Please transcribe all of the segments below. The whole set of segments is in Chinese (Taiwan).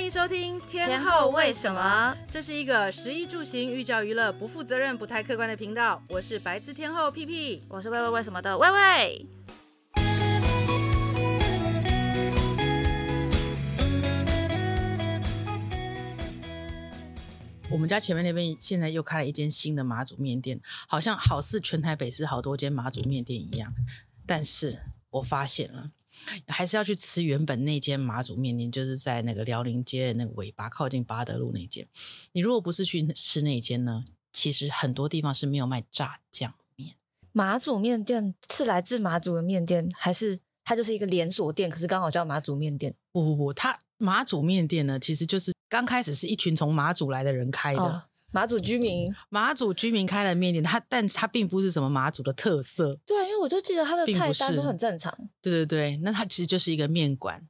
歡迎收聽天《天后餵什麼》。這是一個食衣住行、寓教於樂、不負責任、不太客觀的頻道。我是白字天后屁屁，我是魏魏，餵什麼的魏魏。我們家前面那邊現在又開了一間新的馬祖麵店，好像好似全台北市好多間馬祖麵店一樣，但是我發現了。還是要去吃原本那間馬祖麵店，就是在那個遼寧街的那個尾巴靠近八德路那間。你如果不是去吃那間呢，其實很多地方是沒有賣炸醬麵。馬祖麵店是來自馬祖的麵店，還是它就是一個連鎖店？可是剛好叫馬祖麵店。不不不，它馬祖麵店呢，其實就是剛開始是一群從馬祖來的人開的。哦。馬祖居民，馬祖居民開的麵店，它但它並不是什麼馬祖的特色，對，因為我就記得它的菜單都很正常。對對對，那它其實就是一個麵館，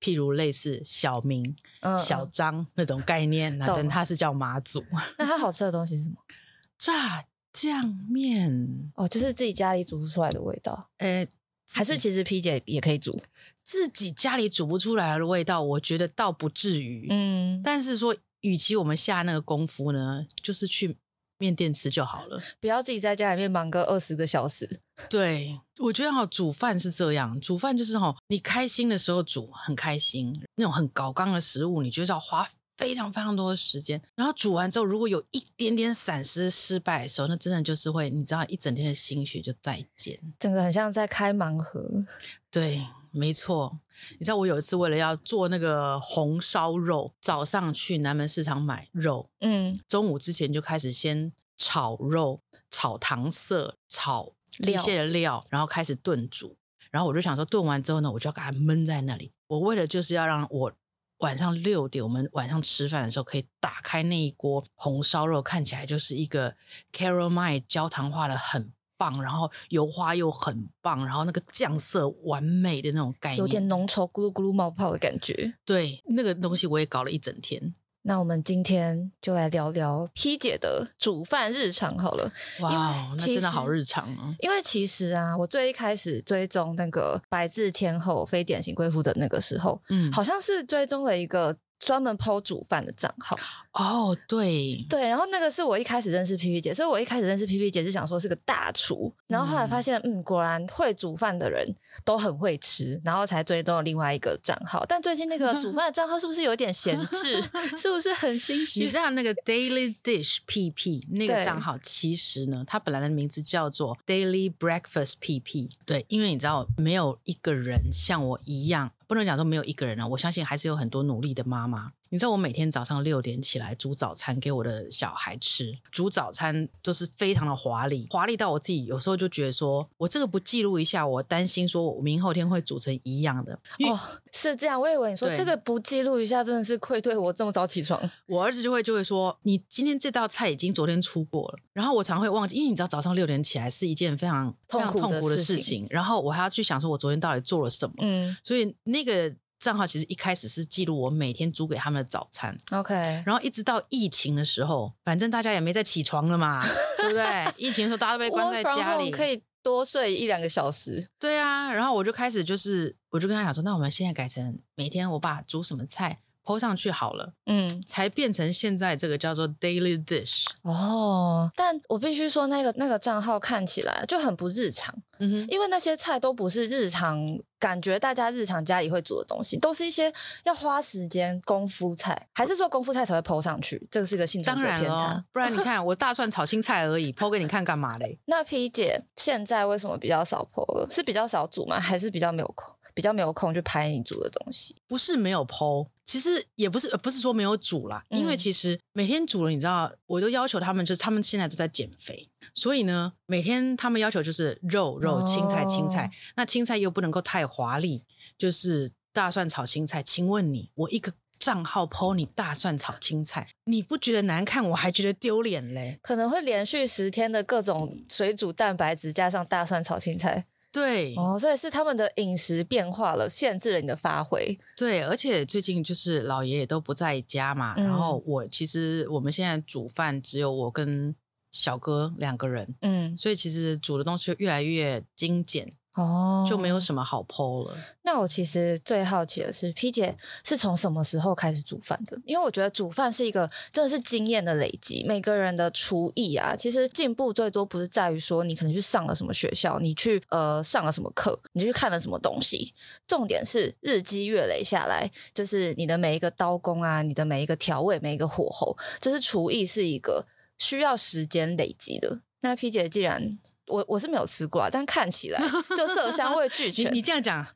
譬如類似小明、嗯、小張、嗯、那種概念，等它、啊、是，是叫馬祖。那它好吃的東西是什麼？ 炸醬麵哦，就是自己家裡煮出來的味道。呃、欸，還是其實 P 姐也可以煮自己家裡煮不出來的味道，我覺得倒不至於。嗯，但是說。與其我們下那個功夫呢，就是去麵店吃就好了，不要自己在家裡面忙個二十個小時。對，我覺得哈，煮飯是這樣，煮飯就是哈、哦，你開心的時候煮很開心，那種很高剛的食物，你就要花非常非常多的時間。然後煮完之後，如果有一點點閃失、失敗的時候，那真的就是會，你知道，一整天的心血就再見。整個很像在開盲盒。對。沒錯，你知道我有一次為了要做那個紅燒肉，早上去南門市場買肉，嗯，中午之前就開始先炒肉、炒糖色、炒一些的料，料然後開始燉煮。然後我就想說，燉完之後呢，我就要給它燜在那裡。我為了就是要讓我晚上六點我們晚上吃飯的時候可以打開那一鍋紅燒肉，看起來就是一個 caramel 焦糖化的很。棒，然後油花又很棒，然後那個醬色完美的那種感覺。有點濃稠，咕嚕咕嚕冒泡的感覺。對，那個東西我也搞了一整天。嗯、那我們今天就來聊聊 P 姐的煮飯日常好了。哇，那真的好日常啊！因為其實啊，我最一開始追蹤那個白字天后非典型貴婦的那個時候，嗯，好像是追蹤了一個。專門 po 煮飯的賬號哦，oh, 對對，然後那個是我一開始認識皮皮姐，所以我一開始認識皮皮姐是想說是個大廚，然後後來發現嗯，嗯，果然會煮飯的人都很會吃，然後才追到另外一個賬號但最近那個煮飯的賬號是不是有點閒置？ 是不是很心虛？你知道那個 Daily Dish PP 那個賬號其實呢，它本來的名字叫做 Daily Breakfast PP。對，因為你知道，沒有一個人像我一樣。不能講說沒有一個人啊，我相信還是有很多努力的媽媽。你知道我每天早上六點起來煮早餐給我的小孩吃，煮早餐就是非常的華麗，華麗到我自己有時候就覺得說，我這個不記錄一下，我擔心說我明後天會煮成一樣的。哦，是這樣，我以為你說這個不記錄一下，真的是愧對我這麼早起床。我兒子就會就會說，你今天這道菜已經昨天出過了，然後我常會忘記，因為你知道早上六點起來是一件非常，非常痛苦，痛苦的事情，然後我還要去想說我昨天到底做了什麼，嗯，所以那個。賬號其實一開始是記錄我每天煮給他們的早餐，OK。然後一直到疫情的時候，反正大家也沒再起床了嘛，對不對？ 疫情的時候大家都被關在家裡，可以多睡一兩個小時。對啊，然後我就開始就是，我就跟他講說，那我們現在改成每天我把煮什麼菜。剖上去好了，嗯，才變成現在這個叫做 Daily Dish。哦，但我必須說、那個，那個那個賬號看起來就很不日常，嗯哼，因為那些菜都不是日常，感覺大家日常家裡會煮的東西，都是一些要花時間功夫菜，還是說功夫菜才會剖上去，嗯、這是個是一個性格的偏差。哦，不然你看我大蒜炒青菜而已， 剖給你看幹嘛嘞？那 P 姐現在為什麼比較少剖了？是比較少煮嗎？還是比較沒有空？比較沒有空去拍你煮的東西，不是沒有 po，其實也不是，不是說沒有煮啦。嗯、因為其實每天煮了，你知道，我都要求他們，就是他們現在都在減肥，所以呢，每天他們要求就是肉肉、青菜青菜、哦。那青菜又不能夠太華麗，就是大蒜炒青菜。請問你，我一個賬號 po 你大蒜炒青菜，你不覺得難看，我還覺得丟臉嘞。可能會連續十天的各種水煮蛋白質，加上大蒜炒青菜。對哦，所以是他們的飲食變化了，限制了你的發揮。對，而且最近就是老爺也都不在家嘛，嗯，然後我其實我們現在煮飯只有我跟小哥兩個人，嗯，所以其實煮的東西越來越精簡。哦，就沒有什麼好剖了。Oh, 那我其實最好奇的是，P 姐是從什麼時候開始煮飯的？因為我覺得煮飯是一個真的是經驗的累積，每個人的廚藝啊，其實進步最多不是在於說你可能去上了什麼學校，你去呃上了什麼課，你去看了什麼東西。重點是日積月累下來，就是你的每一個刀工啊，你的每一個調味，每一個火候，就是廚藝是一個需要時間累積的。那 P 姐既然我我是沒有吃過，啊，但看起來就色香味俱全。 你這樣講，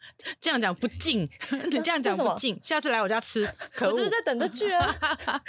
這樣講不敬。你這樣講不敬， 下次來我家吃， 可惡！我就是在等這句啊。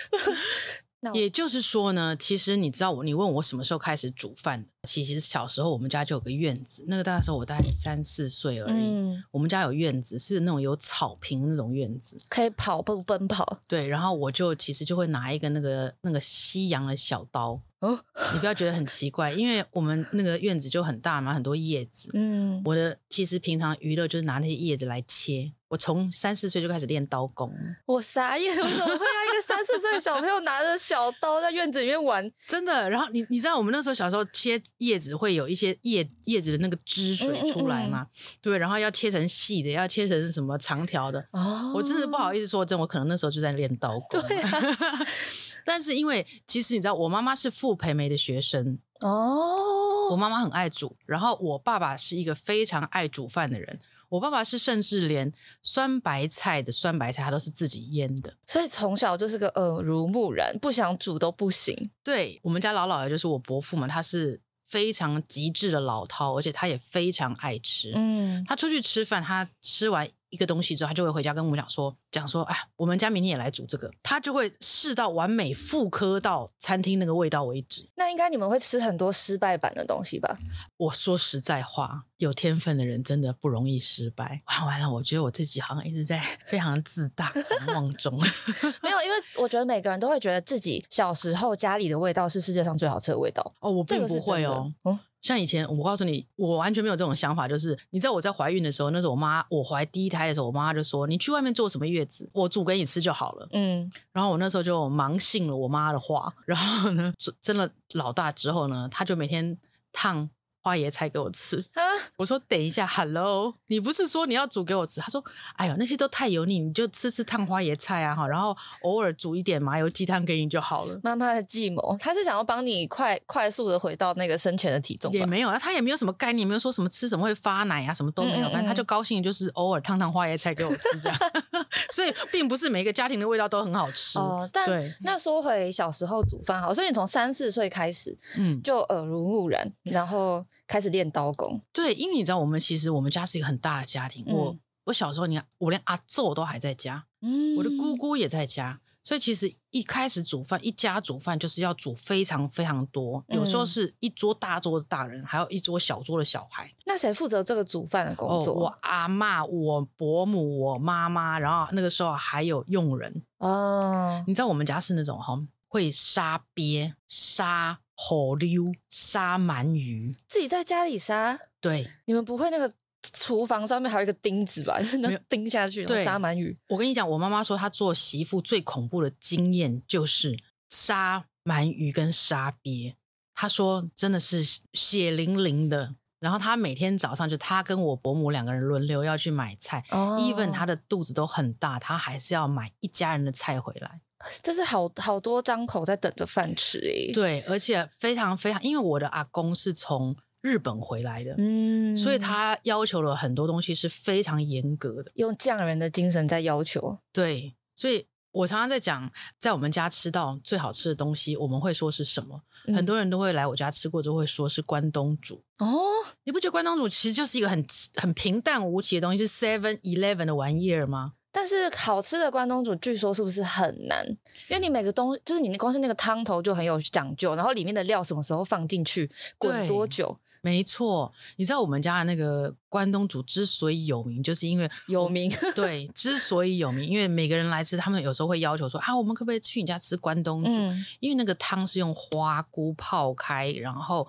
No. 也就是說呢，其實你知道我，你問我什麼時候開始煮飯的？其實小時候我們家就有個院子，那個大的時候我大概三四歲而已。嗯，我們家有院子，是那種有草坪那種院子，可以跑步奔跑。對，然後我就其實就會拿一個那個那個西洋的小刀哦，你不要覺得很奇怪， 因為我們那個院子就很大嘛，很多葉子。嗯，我的其實平常娛樂就是拿那些葉子來切，我從三四歲就開始練刀工。我啥也，我怎麼會？ 四歲這個小朋友拿着小刀在院子裡面玩，真的。然後你你知道我們那時候小時候切葉子會有一些葉葉子的那個汁水出來嗎？嗯嗯嗯、對，然後要切成細的，要切成什麼長條的、哦。我真的不好意思說真，我可能那時候就在練刀功。啊、 但是因為其實你知道，我媽媽是傅培梅的學生哦，我媽媽很愛煮，然後我爸爸是一個非常愛煮飯的人。我爸爸是甚至連酸白菜的酸白菜，他都是自己醃的，所以從小就是個耳、呃、濡目染，不想煮都不行。對我們家老老爺就是我伯父嘛，他是非常極致的老饕，而且他也非常愛吃。嗯，他出去吃飯，他吃完。一個東西之後，他就會回家跟我們講說，講說，哎，我們家明天也來煮這個。他就會試到完美複刻到餐廳那個味道為止。那應該你們會吃很多失敗版的東西吧？我說實在話，有天分的人真的不容易失敗。完完了，我覺得我自己好像一直在非常自大狂妄中。 沒有，因為我覺得每個人都會覺得自己小時候家裡的味道是世界上最好吃的味道。哦，我並不會哦。這個像以前，我告訴你，我完全沒有這種想法，就是你知道我在懷孕的時候，那時候我媽，我懷第一胎的時候，我媽就說：“你去外面坐什麼月子，我煮給你吃就好了。”嗯，然後我那時候就盲信了我媽的話，然後呢，生了老大之後呢，他就每天燙。花椰菜給我吃，啊、我說等一下，Hello，你不是說你要煮給我吃？他說：“哎呦，那些都太油膩，你就吃吃燙花椰菜啊，然後偶爾煮一點麻油雞湯給你就好了。”媽媽的計謀，她是想要幫你快快速的回到那個生前的體重。也沒有啊，她也沒有什麼概念，沒有說什麼吃什麼會發奶啊，什麼都沒有。反、嗯、正、嗯嗯、她就高興，就是偶爾燙燙花椰菜給我吃這樣。 所以，並不是每個家庭的味道都很好吃。哦、但對。那說回小時候煮飯好，所以你從三四歲開始，嗯，就耳濡目染，然後。開始練刀功，對，因為你知道，我們其實我們家是一個很大的家庭。我、嗯、我小時候，你看，我連阿祖都還在家、嗯，我的姑姑也在家，所以其實一開始煮飯，一家煮飯就是要煮非常非常多，有時候是一桌大桌的大人，還有一桌小桌的小孩。那誰負責這個煮飯的工作？哦、我阿嬤、我伯母、我媽媽，然後那個時候還有傭人。哦，你知道我們家是那種哈，會殺鱉殺。好溜，殺鰻魚，自己在家裡殺？對，你們不會那個廚房上面還有一個釘子吧？能釘 下去殺鰻魚？我跟你講，我媽媽說她做媳婦最恐怖的經驗就是殺鰻魚跟殺鱉，她說真的是血淋淋的。然後她每天早上就她跟我伯母兩個人輪流要去買菜。哦，even 她的肚子都很大，她還是要買一家人的菜回來。但是好好多張口在等着飯吃哎。對，而且非常非常，因為我的阿公是從日本回來的，嗯，所以他要求了很多東西是非常嚴格的，用匠人的精神在要求。對，所以我常常在講，在我們家吃到最好吃的東西，我們會說是什麼？嗯。很多人都會來我家吃過，就會說是關東煮。哦，你不覺得關東煮其實就是一個很很平淡無奇的東西，是 Seven Eleven 的玩意兒嗎？但是好吃的關東煮據說是不是很難？因為你每個東西就是你光是那個湯頭就很有講究，然後裡面的料什麼時候放進去，滾多久？沒錯，你知道我們家的那個關東煮之所以有名，就是因為有名。 對，之所以有名，因為每個人來吃，他們有時候會要求說啊，我們可不可以去你家吃關東煮？嗯、因為那個湯是用花菇泡開，然後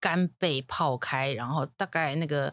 乾貝泡開，然後大概那個。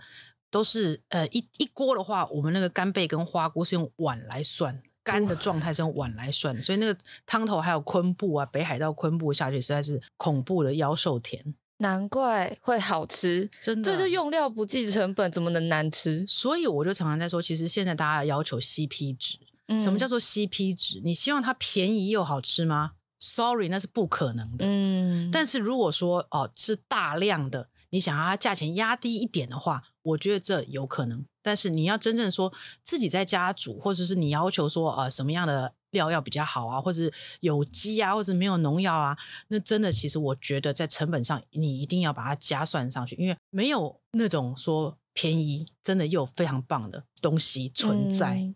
都是呃一一鍋的話，我們那個干貝跟花菇是用碗來算，乾的狀態是用碗來算，所以那個湯頭還有昆布啊，北海道昆布下去實在是恐怖的夭壽甜，難怪會好吃，真的，這就用料不計成本，怎麼能難吃？所以我就常常在說，其實現在大家要求 CP 值，嗯、什麼叫做 CP 值？你希望它便宜又好吃嗎？Sorry，那是不可能的。嗯，但是如果說哦是大量的，你想要它價錢壓低一點的話。我覺得這有可能，但是你要真正說自己在家煮，或者是你要求說，呃，什麼樣的料要比較好啊，或者是有機啊，或者是沒有農藥啊，那真的，其實我覺得在成本上你一定要把它加算上去，因為沒有那種說。便宜，真的有非常棒的東西存在。嗯、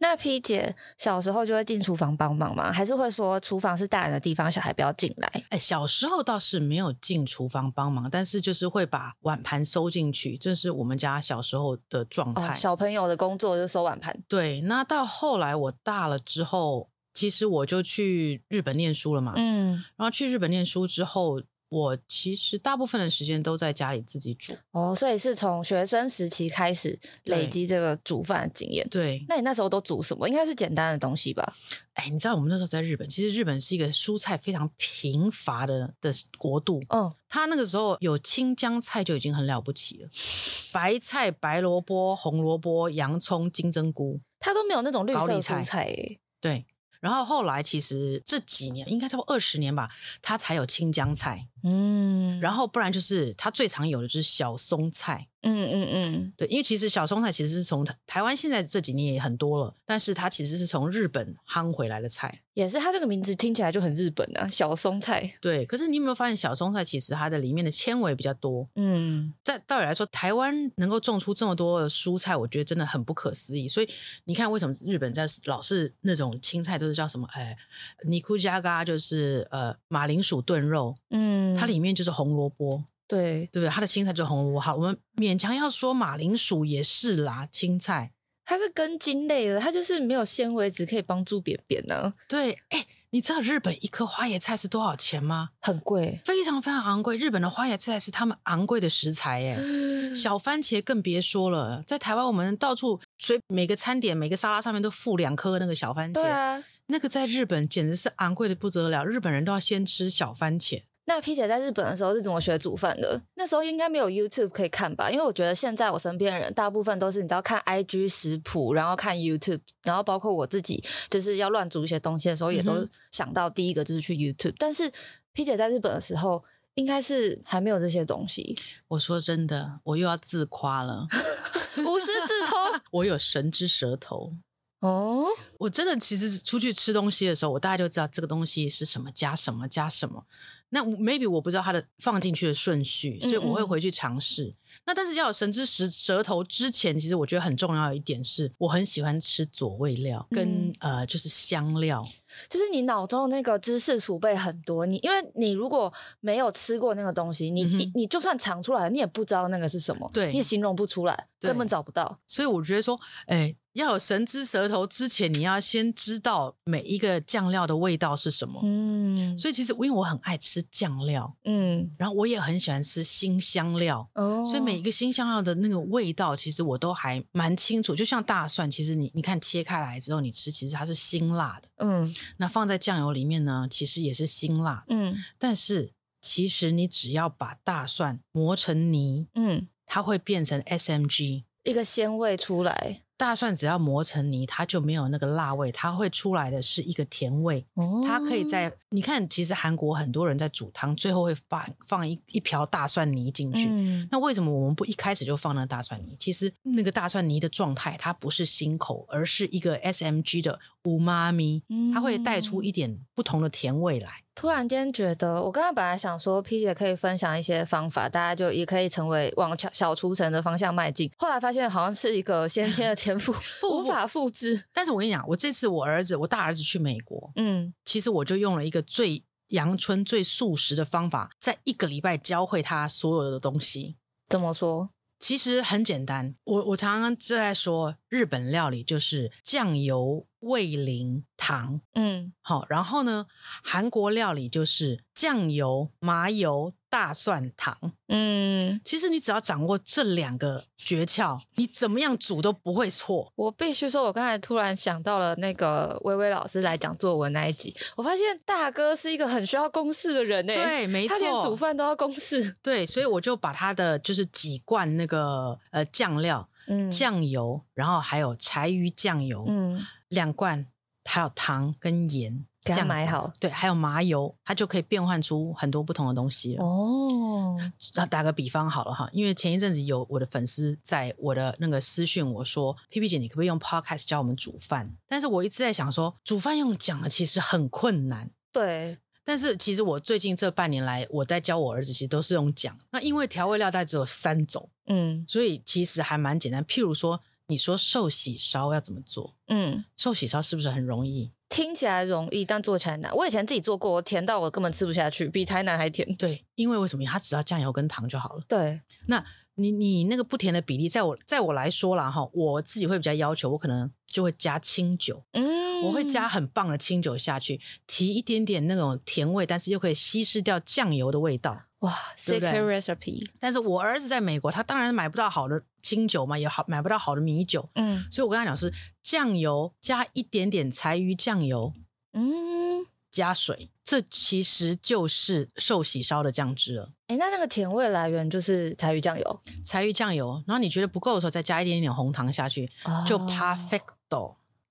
那 P 姐小時候就會進廚房幫忙嗎？還是會說廚房是大人的地方，小孩不要進來？哎、欸，小時候倒是沒有進廚房幫忙，但是就是會把碗盤收進去。這是我們家小時候的狀態。哦，小朋友的工作就收碗盤。對，那到後來我大了之後，其實我就去日本念書了嘛。嗯，然後去日本念書之後。我其實大部分的時間都在家裡自己煮哦，oh, 所以是從學生時期開始累積這個煮飯的經驗。對，那你那時候都煮什麼？應該是簡單的東西吧？哎，你知道我們那時候在日本，其實日本是一個蔬菜非常貧乏的的國度。嗯，它那個時候有青江菜就已經很了不起了，白菜、白蘿蔔、紅蘿蔔、洋蔥、金針菇，它都沒有那種綠色的蔬菜,菜。對，然後後來其實這幾年，應該差不多二十年吧，它才有青江菜。嗯，然後不然就是它，最常有的就是小松菜，嗯嗯嗯，對，因為其實小松菜其實是從台灣現在這幾年也很多了，但是它其實是從日本夯回來的菜，也是它這個名字聽起來就很日本啊，小松菜。對，可是你有沒有發現小松菜其實它的裡面的纖維比較多，嗯，在道理來說，台灣能夠種出這麼多的蔬菜，我覺得真的很不可思議。所以你看，為什麼日本在老是那種青菜都是叫什麼？哎，尼庫加嘎，就是呃馬鈴薯燉肉，嗯。它裡面就是紅蘿蔔，對對不對？它的青菜就是紅蘿蔔。好，我們勉強要說馬鈴薯也是啦，青菜它是根莖類的，它就是沒有纖維，只可以幫助便便、啊。的對，哎、欸，你知道日本一顆花椰菜是多少錢嗎？很貴，非常非常昂貴。日本的花椰菜是他們昂貴的食材耶、欸。 小番茄更別說了，在台灣我們到處隨每個餐點、每個沙拉上面都附兩顆那個小番茄對啊，那個在日本簡直是昂貴的不得了，日本人都要先吃小番茄。那 P 姐在日本的時候是怎麼學煮飯的？那時候應該沒有 YouTube 可以看吧？因為我覺得現在我身邊的人大部分都是你知道看 IG 食譜，然後看 YouTube，然後包括我自己就是要亂煮一些東西的時候，也都想到第一個就是去 YouTube。嗯、但是 P 姐在日本的時候，應該是還沒有這些東西。我說真的，我又要自誇了，不 是自通， 我有神之舌頭哦！我真的其實出去吃東西的時候，我大概就知道這個東西是什麼，加什麼，加什麼。加什麼那 maybe 我不知道它的放進去的順序，所以我會回去嘗試，嗯嗯。那但是要有神之舌舌頭之前，其實我覺得很重要的一點是，我很喜歡吃佐味料跟，嗯、呃，就是香料，就是你腦中的那個知識儲備很多。你因為你如果沒有吃過那個東西，你、嗯、你你就算嘗出來，你也不知道那個是什麼，對，你也形容不出來，根本找不到。所以我覺得說，哎、欸。要有神之舌頭之前，你要先知道每一個醬料的味道是什麼。嗯，所以其實因為我很愛吃醬料，嗯，然後我也很喜歡吃辛香料，哦，所以每一個辛香料的那個味道，其實我都還蠻清楚。就像大蒜，其實你你看切開來之後你吃，其實它是辛辣的，嗯，那放在醬油裡面呢，其實也是辛辣，嗯，但是其實你只要把大蒜磨成泥，嗯，它會變成 SMG 一個鮮味出來。大蒜只要磨成泥，它就沒有那個辣味，它會出來的是一個甜味。哦，它可以在，你看，其實韓國很多人在煮湯，最後會放放一一瓢大蒜泥進去。嗯。那為什麼我們不一開始就放那個大蒜泥？其實那個大蒜泥的狀態，它不是辛口，而是一個 S M G 的烏媽咪，它會帶出一點不同的甜味來。突然間覺得，我剛剛本來想說，P 姐可以分享一些方法，大家就也可以成為往小小廚神的方向邁進。後來發現好像是一個先天的天賦， 無法複製。但是我跟你講，我這次我兒子，我大兒子去美國，嗯，其實我就用了一個最陽春、最速食的方法，在一個禮拜教會他所有的東西。怎麼說？其實很簡單，我我常常就在說，日本料理就是醬油。味淋糖，嗯，好，然後呢，韓國料理就是醬油、麻油、大蒜糖，嗯，其實你只要掌握這兩個訣竅，你怎麼樣煮都不會錯。我必須說，我剛才突然想到了那個魏魏老師來講作文那一集，我發現大哥是一個很需要公式的人呢。對，沒錯，他連煮飯都要公式。對，所以我就把他的就是幾罐那個呃醬料，嗯，醬油，然後還有柴魚醬油，嗯。兩罐，還有糖跟鹽這樣好對，還有麻油，它就可以變換出很多不同的東西了。哦，打個比方好了哈，因為前一陣子有我的粉絲在我的那個私訊我說，Pipi 姐，你可不可以用 Podcast 教我們煮飯？但是我一直在想說，煮飯用講的其實很困難。對，但是其實我最近這半年來，我在教我兒子，其實都是用講。那因為調味料大概只有三種，嗯，所以其實還蠻簡單。譬如說。你說壽喜燒要怎麼做？嗯，壽喜燒是不是很容易？聽起來容易，但做起來難。我以前自己做過，我甜到我根本吃不下去，比台南還甜。對，因為為什麼？它只要醬油跟糖就好了。對，那你你那個不甜的比例，在我在我來說啦，哈，我自己會比較要求，我可能。就會加清酒，嗯，我會加很棒的清酒下去，提一點點那種甜味，但是又可以稀釋掉醬油的味道，哇，secret recipe。但是我兒子在美國，他當然買不到好的清酒嘛，也好買不到好的米酒，嗯，所以我跟他講是醬油加一點點柴魚醬油，嗯，加水，這其實就是壽喜燒的醬汁了。哎，那那個甜味來源就是柴魚醬油，柴魚醬油，然後你覺得不夠的時候再加一點點紅糖下去，就 perfect。哦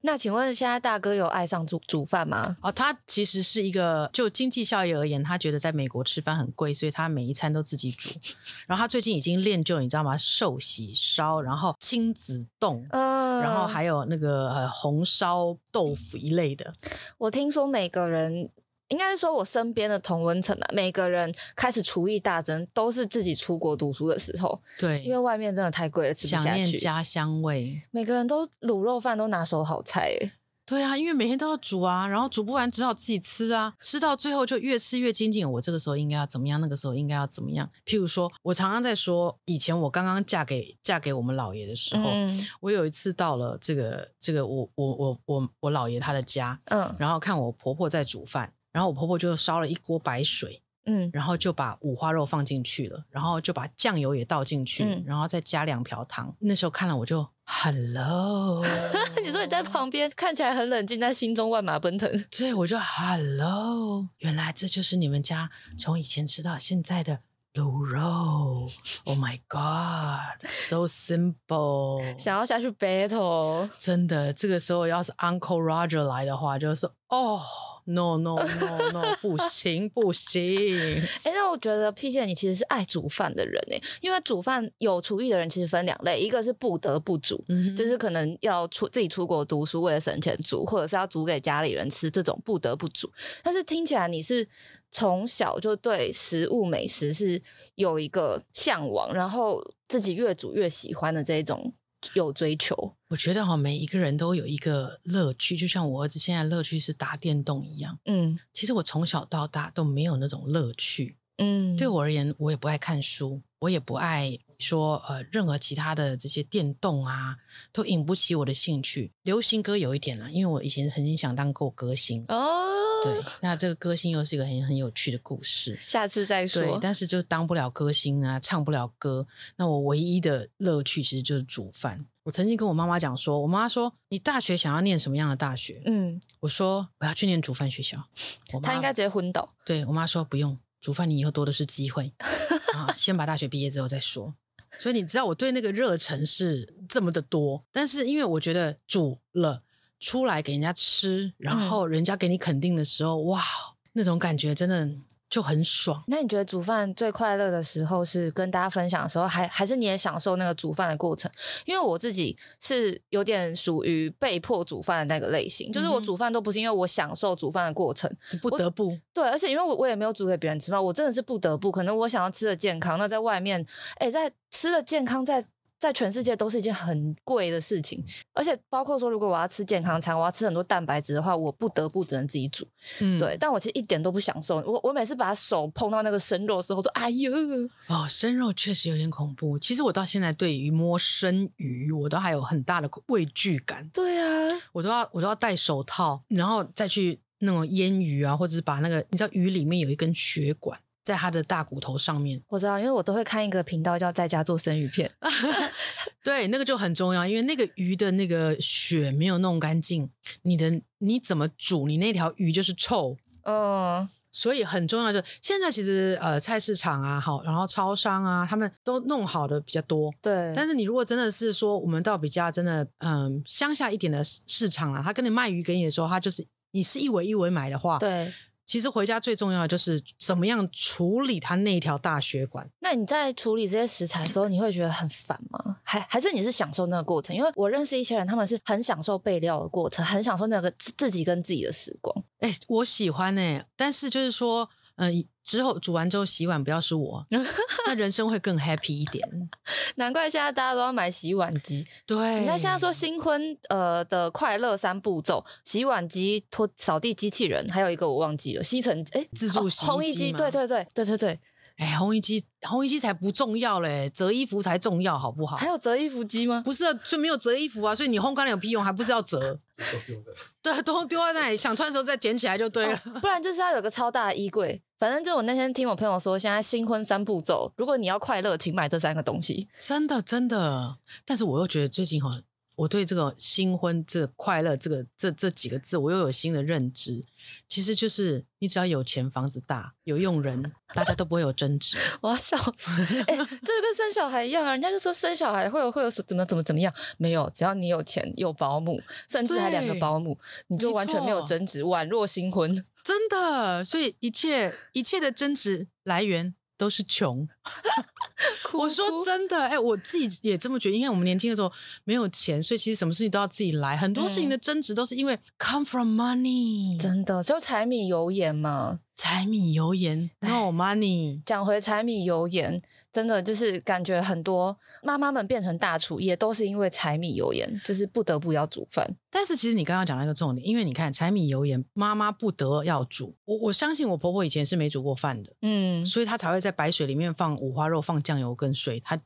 那請問現在大哥有愛上煮煮飯嗎？哦，他其實是一個就經濟效益而言，他覺得在美國吃飯很貴，所以他每一餐都自己煮。 然後他最近已經練就你知道嗎？壽喜燒，然後親子丼、呃，然後還有那個紅燒豆腐一類的。我聽說每個人。應該是說，我身邊的同溫層啊，每個人開始廚藝大增，都是自己出國讀書的時候。對，因為外面真的太貴了，吃不下去。想念家鄉味，每個人都滷肉飯都拿手好菜，欸。對啊，因為每天都要煮啊，然後煮不完，只好自己吃啊。吃到最後就越吃越精進。我這個時候應該要怎麼樣？那個時候應該要怎麼樣？譬如說，我常常在說，以前我剛剛嫁給嫁給我們老爺的時候，嗯，我有一次到了這個這個我我我我我老爺他的家，嗯，然後看我婆婆在煮飯。然後我婆婆就燒了一鍋白水，嗯，然後就把五花肉放進去了，然後就把醬油也倒進去，嗯，然後再加兩瓢糖。那時候看了我就 “hello”， 你說你在旁邊看起來很冷靜，但心中萬馬奔騰。對，我就 “hello”，原來這就是你們家從以前吃到現在的。滷肉，Oh my God，so simple。想要下去 battle，真的，這個時候要是 Uncle Roger 來的話就說，就是哦，No，No，No，No，不行，不行。哎、欸，那我覺得 P 姐你其實是愛煮飯的人呢？因為煮飯有廚藝的人其實分兩類，一個是不得不煮，嗯、就是可能要出自己出國讀書為了省錢煮，或者是要煮給家裡人吃這種不得不煮。但是聽起來你是。從小就對食物美食是有一個嚮往，然後自己越煮越喜歡的這一種有追求。我覺得哈，每一個人都有一個樂趣，就像我兒子現在樂趣是打電動一樣。嗯，其實我從小到大都沒有那種樂趣。嗯，對我而言，我也不愛看書，我也不愛說呃，任何其他的這些電動啊，都引不起我的興趣。流行歌有一點了，因為我以前曾經想當過歌星哦。 對，那這個歌星又是一個很很有趣的故事，下次再說。對，但是就當不了歌星啊，唱不了歌。那我唯一的樂趣其實就是煮飯。我曾經跟我媽媽講說，我媽說：“你大學想要念什麼樣的大學？”嗯，我說：“我要去念煮飯學校。”我媽，她應該直接昏倒。對，我媽說：“不用煮飯，你以後多的是機會 啊，先把大學畢業之後再說。”所以你知道我對那個熱忱是這麼的多，但是因為我覺得煮了。出來給人家吃，然後人家給你肯定的時候，嗯，哇，那種感覺真的就很爽。那你覺得煮飯最快樂的時候是跟大家分享的時候還，還還是你也享受那個煮飯的過程？因為我自己是有點屬於被迫煮飯的那個類型，就是我煮飯都不是因為我享受煮飯的過程，嗯，不得不對。而且因為我我也沒有煮給別人吃嘛，我真的是不得不，可能我想要吃得健康，那在外面哎，在吃得健康在在全世界都是一件很貴的事情，而且包括說，如果我要吃健康餐，我要吃很多蛋白質的話，我不得不只能自己煮。嗯，對，但我其實一點都不享受。我我每次把手碰到那個生肉的時候，我都哎呦！哦，生肉確實有點恐怖。其實我到現在對於摸生魚，我都還有很大的畏懼感。對啊，我都要我都要戴手套，然後再去那種醃魚啊，或者是把那個你知道魚裡面有一根血管。在他的大骨頭上面，我知道，因為我都會看一個頻道叫在家做生魚片， 對，那個就很重要，因為那個魚的那個血沒有弄乾淨，你的你怎麼煮，你那條魚就是臭，嗯、oh.，所以很重要就。就現在其實呃，菜市場啊，好，然後超商啊，他們都弄好的比較多，對。但是你如果真的是說，我們到比較真的嗯、呃、鄉下一點的市場啊，他跟你賣魚給你的時候，他就是你是一尾一尾買的話，對。其實回家最重要的就是怎麼樣處理他那一條大血管。那你在處理這些食材的時候，你會覺得很煩嗎？還還是你是享受那個過程？因為我認識一些人，他們是很享受備料的過程，很享受那個自己跟自己的時光。欸，我喜歡欸，但是就是說。嗯，之後煮完之後洗碗不要是我，那 人生會更 happy 一點。難怪現在大家都要買洗碗機。對，你看現在說新婚呃的快樂三步驟，洗碗機、拖掃地機器人，還有一個我忘記了，吸塵哎，自助洗烘衣機、哦，對對對對對對。哎、欸，烘衣機，烘衣機才不重要嘞，折衣服才重要，好不好？還有折衣服機嗎？不是啊，就沒有折衣服啊，所以你烘乾有屁用，還不是要折。 對啊，對，都丟在那裡， 那裡 想穿的時候再撿起來就對了，oh， 不然就是要有個超大的衣櫃。反正就我那天聽我朋友說，現在新婚三步走，如果你要快樂，請買這三個東西，真的真的。但是我又覺得最近很。我對這個新婚這個、快樂這個這這幾個字，我又有新的認知。其實就是你只要有錢，房子大，有傭人，大家都不會有爭執。 我要笑死！哎、欸，這個、跟生小孩一樣啊，人家就說生小孩會有會有怎麼怎麼怎麼樣，沒有，只要你有錢有保姆，甚至還兩個保姆，你就完全沒有爭執，宛若新婚。真的，所以一切一切的爭執來源都是窮。 我說真的，哎、欸，我自己也這麼覺得。因為我們年輕的時候沒有錢，所以其實什麼事情都要自己來。很多事情的爭執都是因為 come from money。真的，就柴米油鹽嘛，柴米油鹽 no money。講回柴米油鹽，真的就是感覺很多媽媽們變成大廚，也都是因為柴米油鹽，就是不得不要煮飯。但是其實你剛剛講那個重點，因為你看柴米油鹽，媽媽不得要煮。我我相信我婆婆以前是沒煮過飯的，嗯，所以她才會在白水裡面放。五花肉放醬油跟水，他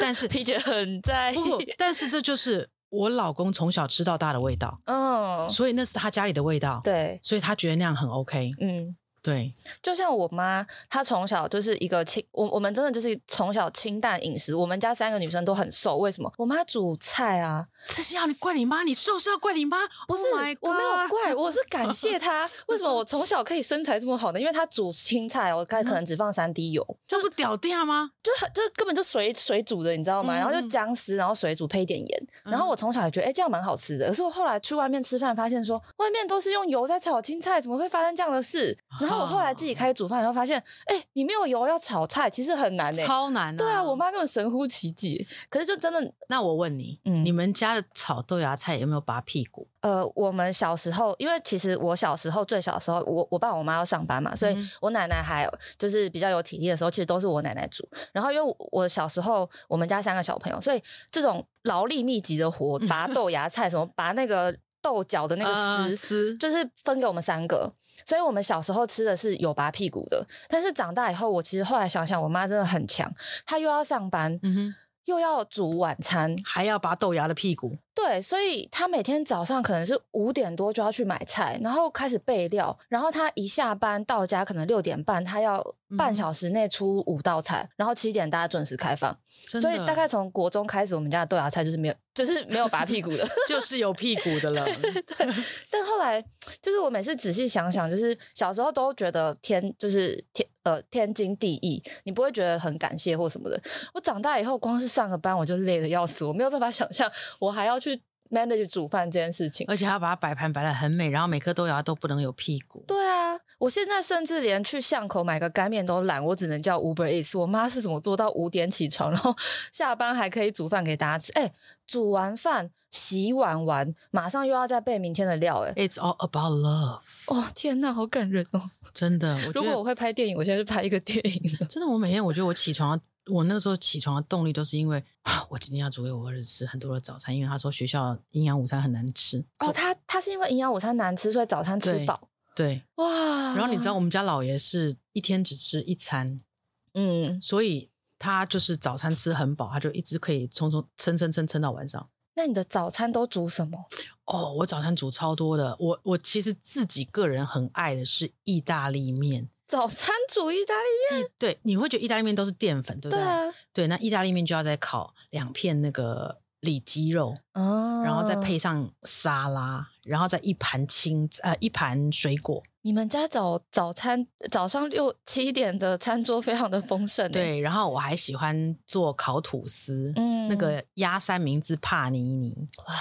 但是 Pipi 姐 很在意不不，不但是這就是我老公從小吃到大的味道，嗯、 Oh.，所以那是他家裡的味道，對，所以他覺得那樣很 OK，嗯。對，就像我媽，她從小就是一個清我我們真的就是從小清淡飲食，我們家三個女生都很瘦。為什麼？我媽煮菜啊，這是要你怪你媽，你瘦是要怪你媽，不是、oh、我沒有怪，我是感謝她。 為什麼我從小可以身材這麼好呢？因為她煮青菜，我該可能只放三滴油，這不屌掉嗎？就就，就根本就水水煮的，你知道嗎、嗯？然後就薑絲，然後水煮配一點鹽，嗯、然後我從小也覺得哎這樣蠻好吃的。可是我後來去外面吃飯，發現說外面都是用油在炒青菜，怎麼會發生這樣的事？然後。然後我後來自己開始煮飯，哦、然後發現，哎、欸，你沒有油要炒菜，其實很難，超難、啊。對啊，我媽根本神乎其技，可是就真的。那我問你，嗯、你們家的炒豆芽菜有沒有拔屁股？呃，我們小時候，因為其實我小時候最小時候，我我爸我媽要上班嘛，所以我奶奶還就是比較有體力的時候，其實都是我奶奶煮。然後因為我，我小時候我們家三個小朋友，所以這種勞力密集的活，拔豆芽菜，什麼拔 那個豆角的那個絲、呃、絲，就是分給我們三個。所以，我們小時候吃的是有拔屁股的，但是長大以後，我其實後來想想，我媽真的很強，她又要上班，嗯哼，又要煮晚餐，還要拔豆芽的屁股。對，所以他每天早上可能是五點多就要去買菜，然後開始備料，然後他一下班到家可能六點半，他要半小時內出五道菜，嗯、然後七點大家準時開飯。所以大概從國中開始，我們家的豆芽菜就是沒有，就是沒有拔屁股的， 就是有屁股的了。 對對，但後來就是我每次仔細想想，就是小時候都覺得天就是天呃天經地義，你不會覺得很感謝或什麼的。我長大以後，光是上個班我就累得要死我，我沒有辦法想象我還要。Manage 煮飯這件事情，而且還要把它擺盤擺得很美，然後每顆豆芽都不能有屁股。對啊，我現在甚至連去巷口買個乾麵都懶，我只能叫 Uber Eats，我媽是怎麼做到五點起床，然後下班還可以煮飯給大家吃？哎、欸，煮完飯洗碗完、完，馬上又要再備明天的料。哎，It's all about love。哦，天哪、啊，好感人哦！真的，如果我會拍電影，我現在就拍一個電影了。真的，我每天我覺得我起床。我那個時候起床的動力都是因為啊，我今天要煮給我兒子吃很多的早餐，因為他說學校營養午餐很難吃。哦，他他是因為營養午餐難吃，所以早餐吃飽。對。哇。然後你知道我們家老爺是一天只吃一餐，嗯，所以他就是早餐吃很飽，他就一直可以衝衝撐撐撐撐到晚上。那你的早餐都煮什麼？哦，我早餐煮超多的。我我其實自己個人很愛的是意大利麵。早餐煮意大利麵，對，你會覺得意大利麵都是澱粉，對不對？對啊。對，那意大利麵就要再烤兩片那個里脊肉，哦，然後再配上沙拉，然後再一盤青，呃，一盤水果。你們家早早餐早上六七點的餐桌非常的豐盛，對。然後我還喜歡做烤吐司，嗯，那個壓三明治帕尼尼，哇，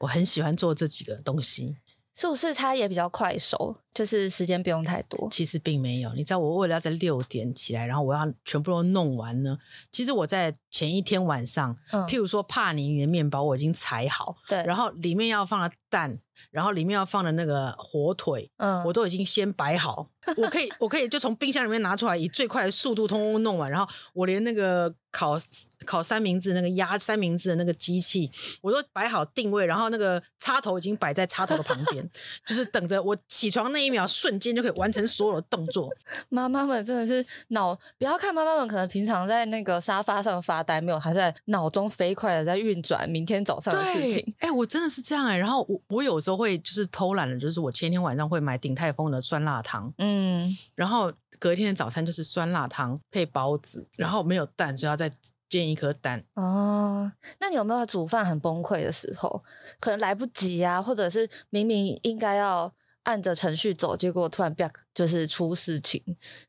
我很喜歡做這幾個東西。是不是它也比較快手？就是時間不用太多。其實並沒有，你知道我為了要在六點起來，然後我要全部都弄完呢。其實我在前一天晚上，嗯、譬如說帕尼尼的麵包我已經裁好，對，然後裡面要放蛋。然後裡面要放的那個火腿，嗯，我都已經先擺好，我可以，我可以就從冰箱裡面拿出來，以最快的速度通通弄完。然後我連那個烤烤三明治那個壓三明治的那個機器，我都擺好定位，然後那個插頭已經擺在插頭的旁邊， 就是等着我起床那一秒，瞬間就可以完成所有的動作。媽媽們真的是腦，不要看媽媽們可能平常在那個沙發上發呆，沒有，還在腦中飛快的在運轉，明天早上的事情。哎、欸，我真的是這樣哎、欸。然後我我有時候。都會就是偷懶的，就是我前天晚上會買鼎泰豐的酸辣湯，嗯，然後隔天的早餐就是酸辣湯配包子，然後沒有蛋，所以要再煎一顆蛋。哦，那你有沒有煮飯很崩潰的時候？可能來不及啊，或者是明明應該要按着程序走，結果突然 black 就是出事情。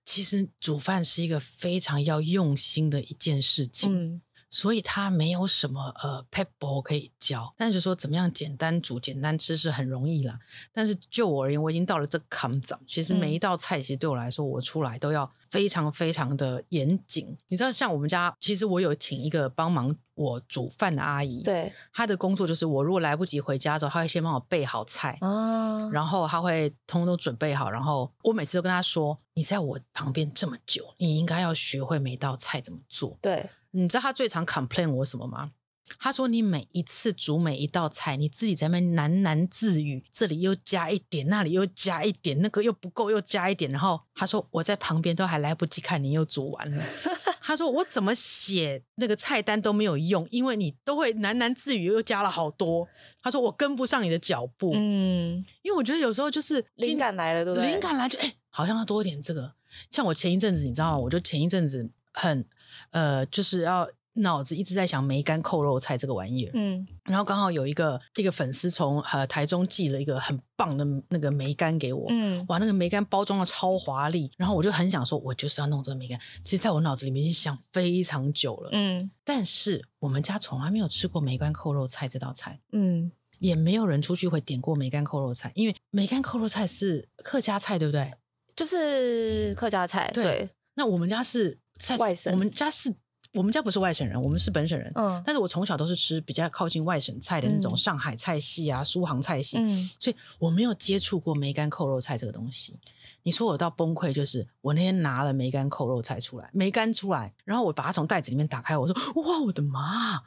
其實煮飯是一個非常要用心的一件事情。嗯。所以他沒有什麼呃，padball 可以教，但是說怎麼樣簡單煮、簡單吃是很容易啦。但是就我而言，嗯、我已經到了這坎子，其實每一道菜，其實對我來說，我出來都要非常非常的嚴謹。你知道，像我們家，其實我有請一個幫忙我煮飯的阿姨，對，她的工作就是，我如果來不及回家之後，她會先幫我備好菜，嗯、然後她會通通準備好，然後我每次都跟她說：“你在我旁邊這麼久，你應該要學會每一道菜怎麼做。”對。你知道他最常 complain 我什麼嗎？他說，你每一次煮每一道菜，你自己在那喃喃自語，這裡又加一點，那裡又加一點，那個又不夠又加一點。然後他說我在旁邊都還來不及看你又煮完了。 他說我怎麼寫那個菜單都沒有用，因為你都會喃喃自語又加了好多。他說我跟不上你的腳步。嗯，因為我覺得有時候就是靈感來了，對不對？靈感來就哎、欸，好像要多一點這個。像我前一陣子，你知道，我就前一陣子很。呃，就是要腦子一直在想梅乾扣肉菜這個玩意兒，嗯，然後剛好有一個這個粉絲從呃台中寄了一個很棒的那個梅乾給我，嗯，哇，那個梅乾包裝的超華麗，然後我就很想說，我就是要弄這個梅乾。其實在我腦子裡面已經想非常久了，嗯，但是我們家從來沒有吃過梅乾扣肉菜這道菜，嗯，也沒有人出去會點過梅乾扣肉菜，因為梅乾扣肉菜是客家菜，對不對？就是客家菜，對。對，那我們家是。外省，我們家是我們家不是外省人，我們是本省人。嗯，但是我從小都是吃比較靠近外省菜的那種上海菜系啊、嗯、蘇杭菜系、嗯，所以我沒有接觸過梅乾扣肉菜這個東西。你說我到崩潰，就是我那天拿了梅乾扣肉菜出來，梅乾出來，然後我把它從袋子裡面打開，我說：“哇，我的媽！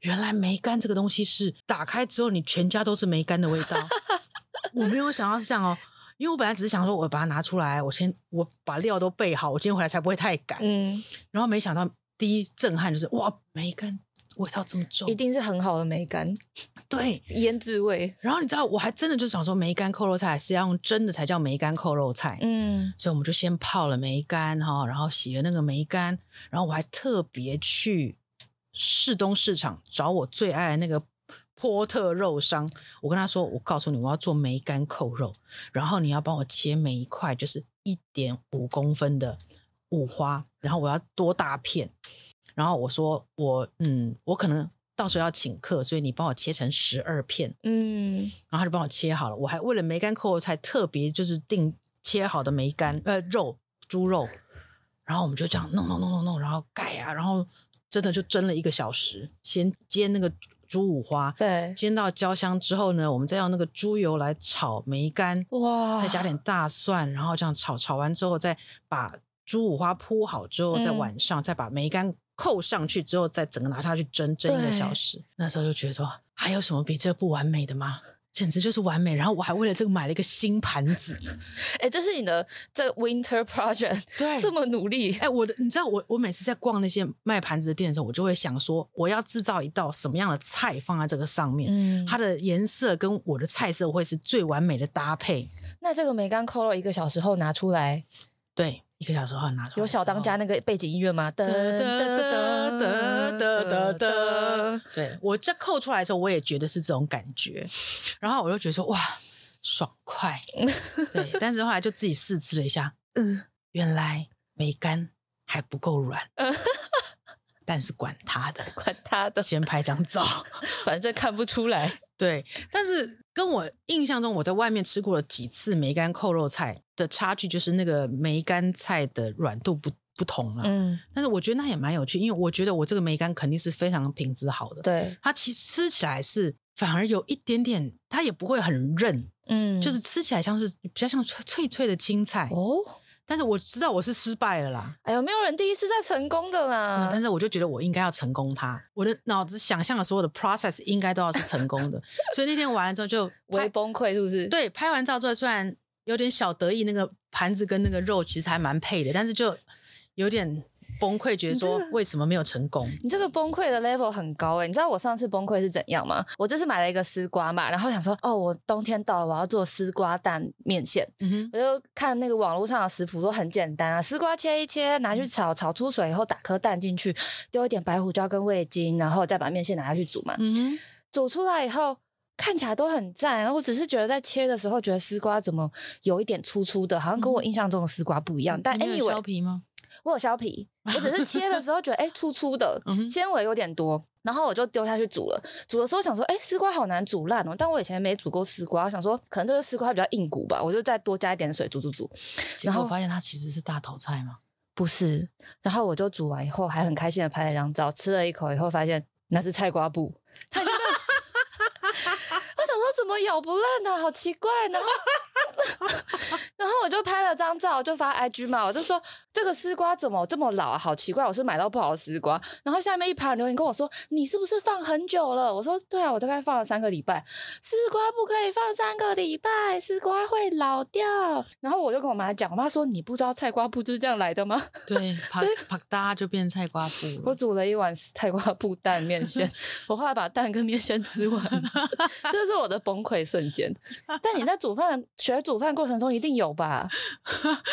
原來梅干這個東西是打開之後，你全家都是梅乾的味道。 ”我沒有想到是這樣哦。因為我本來只是想說，我把它拿出來，我先我把料都備好，我今天回來才不會太趕。嗯，然後沒想到第一震撼就是，哇，梅乾味道這麼重，一定是很好的梅乾。對，醃滋味。然後你知道，我還真的就想說，梅乾扣肉菜是要用蒸的才叫梅乾扣肉菜。嗯，所以我們就先泡了梅乾哈，然後洗了那個梅乾，然後我還特別去市東市場找我最愛的那個。波特肉商，我跟他說：“我告訴你，我要做梅干扣肉，然後你要幫我切每一塊就是一點五公分的五花，然後我要多大片，然後我說我嗯，我可能到時候要請客，所以你幫我切成十二片，嗯，然後他就幫我切好了。我還為了梅干扣肉才特別就是訂切好的梅干呃肉豬肉，然後我們就這樣弄弄弄弄弄，no, no, no, no, no, 然後蓋啊，然後真的就蒸了一個小時，先煎那個。”豬五花，對，煎到焦香之後呢，我們再用那個豬油來炒梅乾，哇，再加點大蒜，然後這樣炒，炒完之後再把豬五花鋪好之後，在、嗯、碗上再把梅乾扣上去之後，再整個拿下去蒸，蒸一個小時。那時候就覺得說，還有什麼比這不完美的嗎？簡直就是完美，然後我還為了這個買了一個新盤子，哎、欸，這是你的這個 winter project，對，這麼努力，哎、欸，我的，你知道我我每次在逛那些賣盤子的店的時候，我就會想說，我要製造一道什麼樣的菜放在這個上面，嗯，它的顏色跟我的菜色會是最完美的搭配。那這個梅乾扣肉一個小時後拿出來，對。一個小，小時後拿出來，有小當家那個背景音樂嗎？噔噔噔噔噔噔噔。對我這扣出來的時候，我也覺得是這種感覺，然後我就覺得說哇，爽快，對。但是後來就自己試吃了一下，嗯，原來梅乾，還不夠軟。但是管他的，管他的，先拍張照，反正看不出來。對，但是跟我印象中我在外面吃過了幾次梅乾扣肉菜的差距，就是那個梅乾菜的軟度不不同了。嗯，但是我覺得那也蠻有趣，因為我覺得我這個梅乾肯定是非常品質好的。對，它其實吃起來是反而有一點點，它也不會很韌，嗯，就是吃起來像是比較像脆脆的青菜哦。但是我知道我是失敗了啦。哎呦，沒有人第一次在成功的啦。嗯，但是我就覺得我應該要成功它，我的腦子想象的所有的 process 應該都要是成功的。 所以那天玩完了之後就微崩潰，是不是？對，拍完照之後雖然有點小得意，那個盤子跟那個肉其實還蠻配的，但是就有點。崩潰，覺得說為什麼沒有成功？你這個，你這個崩潰的 level 很高欸！你知道我上次崩潰是怎樣嗎？我就是買了一個絲瓜嘛，然後想說哦，我冬天到了，我要做絲瓜蛋麵線。嗯哼。我就看那個網絡上的食譜都很簡單啊，絲瓜切一切，拿去炒，炒出水以後打顆蛋進去，丟一點白胡椒跟味精，然後再把麵線拿下去煮嘛。嗯哼。煮出來以後看起來都很讚啊，我只是覺得在切的時候，覺得絲瓜怎麼有一點粗粗的，好像跟我印象中的絲瓜不一樣。嗯哼。但哎，anyway，你有削皮嗎？我有削皮，我只是切的時候覺得哎、 欸、粗粗的纖維、嗯、有點多，然後我就丟下去煮了。煮的時候想說哎絲、欸、瓜好難煮爛哦、喔，但我以前沒煮過絲瓜，我想說可能這個絲瓜比較硬骨吧，我就再多加一點水煮煮煮。然後我發現它其實是大頭菜嗎？不是。然後我就煮完以後還很開心的拍了一張照，吃了一口以後發現那是菜瓜布，他 我想說怎麼咬不爛呢，好奇怪。呢。 然後我就拍了張照，就發 IG 嘛，我就說這個絲瓜怎麼這麼老啊，好奇怪，我是，是買到不好的絲瓜。然後下面一排留言跟我說，你是不是放很久了？我說對啊，我都快放了三個禮拜。絲瓜不可以放三個禮拜，絲瓜會老掉。然後我就跟我媽講，我媽說你不知道菜瓜布就是這樣來的嗎？對，啪 嗒就變菜瓜布。我煮了一碗菜瓜布蛋麵線， 我後來把蛋跟麵線吃完了， 這是我的崩潰瞬間。 但你在煮飯的學。煮飯過程中一定有吧？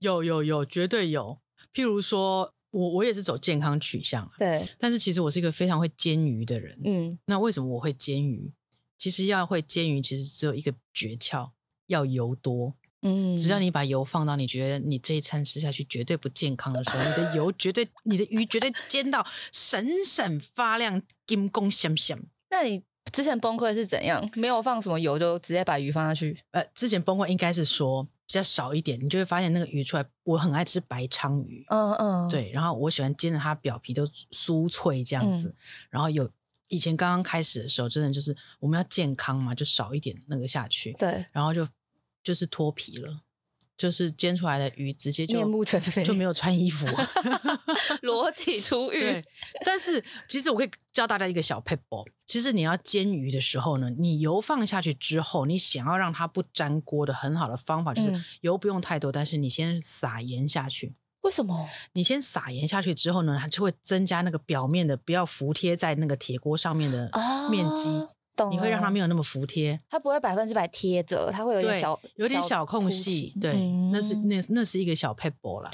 有有有，絕對有。譬如說，我我也是走健康取向，對。但是其實我是一個非常會煎魚的人，嗯。那為什麼我會煎魚？其實要會煎魚，其實只有一個訣竅，要油多。嗯，嗯，只要你把油放到你覺得你這一餐吃下去絕對不健康的時候， 你的油絕對，你的魚絕對煎到閃閃發亮、金光閃閃。那你之前崩潰是怎樣？沒有放什麼油，就直接把魚放下去。呃，之前崩潰應該是說比較少一點，你就會發現那個魚出來。我很愛吃白鯧魚，嗯嗯，對。然後我喜歡煎的，它表皮都酥脆這樣子。嗯，然後有以前剛剛開始的時候，真的就是我們要健康嘛，就少一點那個下去。對，然後就就是脫皮了。就是煎出來的魚直接就面目全非，就沒有穿衣服， 裸體出浴。對，但是其實我可以教大家一個小撇步。其實你要煎魚的時候呢，你油放下去之後，你想要讓它不粘鍋的很好的方法、嗯、就是油不用太多，但是你先撒鹽下去。為什麼？你先撒鹽下去之後呢，它就會增加那個表面的不要服貼在那個鐵鍋上面的面積。哦啊、你會讓它沒有那麼服帖，它不會百分之百貼着，它會有點小，有點小空隙，嗯、對，那是那那是一個小撇步啦。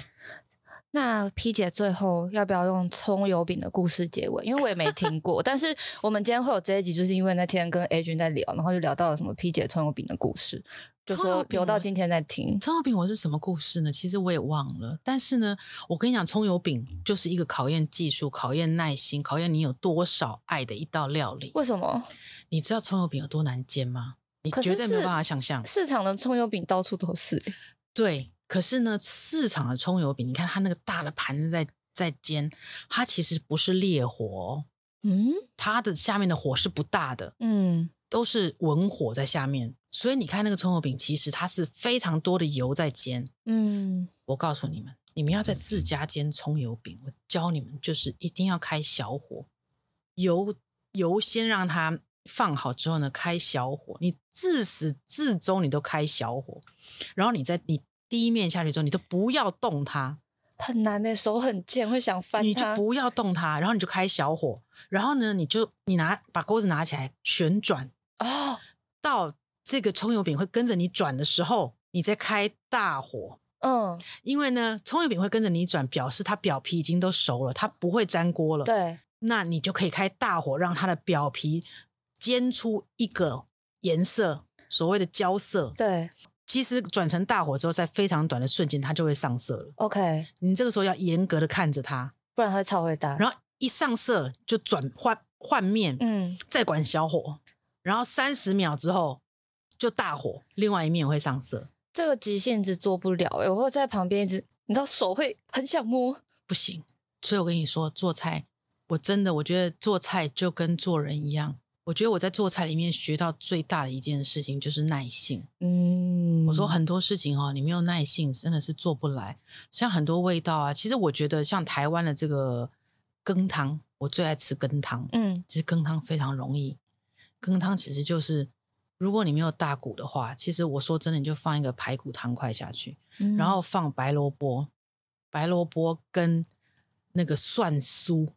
那 P 姐最後要不要用蔥油餅的故事結尾？因為我也沒聽過。 但是我們今天會有這一集，就是因為那天跟 A 君在聊，然後就聊到了什麼 P 姐蔥油餅的故事，我就是、說聊到今天在聽蔥油餅，我是什麼故事呢？其實我也忘了。但是呢，我跟你講，蔥油餅就是一個考驗技術、考驗耐心、考驗你有多少愛的一道料理。為什麼？你知道蔥油餅有多難煎嗎？你絕對沒有辦法想象。可是是市場的蔥油餅到處都是。對。可是呢，市場的蔥油餅，你看它那個大的盤子，在在煎，它其實不是烈火，嗯，它的下面的火是不大的，嗯，都是文火在下面，所以你看那個蔥油餅，其實它是非常多的油在煎，嗯，我告訴你們，你們要在自家煎蔥油餅，我教你們就是一定要開小火，油油先讓它放好之後呢，開小火，你自始至終你都開小火，然後你在你。第一面下去之後，你都不要動它，很難的，手很賤，會想翻它。你就不要動它，然後你就開小火，然後呢，你就你拿把鍋子拿起來旋轉哦，到這個蔥油餅會跟着你轉的時候，你再開大火。嗯，因為呢，蔥油餅會跟着你轉，表示它表皮已經都熟了，它不會粘鍋了。對，那你就可以開大火，讓它的表皮煎出一個顏色，所謂的焦色。對。其實轉成大火之後，在非常短的瞬間，它就會上色了。OK，你這個時候要嚴格的看着它，不然它超會大會。然後一上色就轉換換面，嗯，再管小火，然後三十秒之後就大火，另外一面會上色。這個極限制做不了哎、欸，我會在旁邊一直，你知道手會很想摸，不行。所以我跟你說做菜，我真的我覺得做菜就跟做人一樣。我覺得我在做菜裡面學到最大的一件事情就是耐心，嗯。我說很多事情哦、嗯，你沒有耐性，真的是做不來。像很多味道啊，其實我覺得像台灣的這個羹湯，我最愛吃羹湯。嗯，其實羹湯非常容易。羹湯其實就是，如果你沒有大骨的話，其實我說真的，你就放一個排骨湯塊下去、嗯，然後放白蘿蔔，白蘿蔔跟那個蒜酥，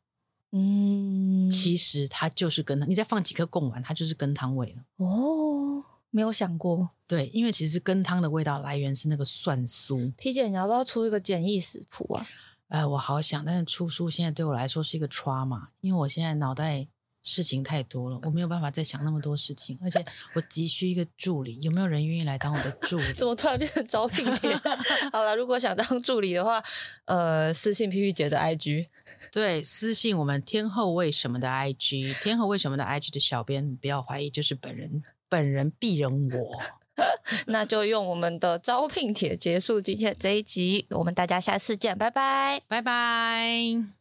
嗯，其實它就是羹湯，你再放幾顆貢丸，它就是羹湯味了。哦。沒有想過，對，因為其實羹湯的味道來源是那個蒜酥。P 姐，你要不要出一個簡易食譜啊？哎、呃，我好想，但是出書現在對我來說是一個 trauma，因為我現在腦袋事情太多了，我沒有辦法再想那麼多事情，而且我急需一個助理，有沒有人願意來當我的助理？ 怎麼突然變成招聘貼？ 好了，如果想當助理的話，呃，私信 P P 姐的 I G，對，私信我們天后餵什麼的 I G，天后餵什麼的 I G 的小編不要懷疑，就是本人。本人鄙人我 那就用我們的招聘帖結束今天這一集，我們大家下次見，拜拜，拜拜。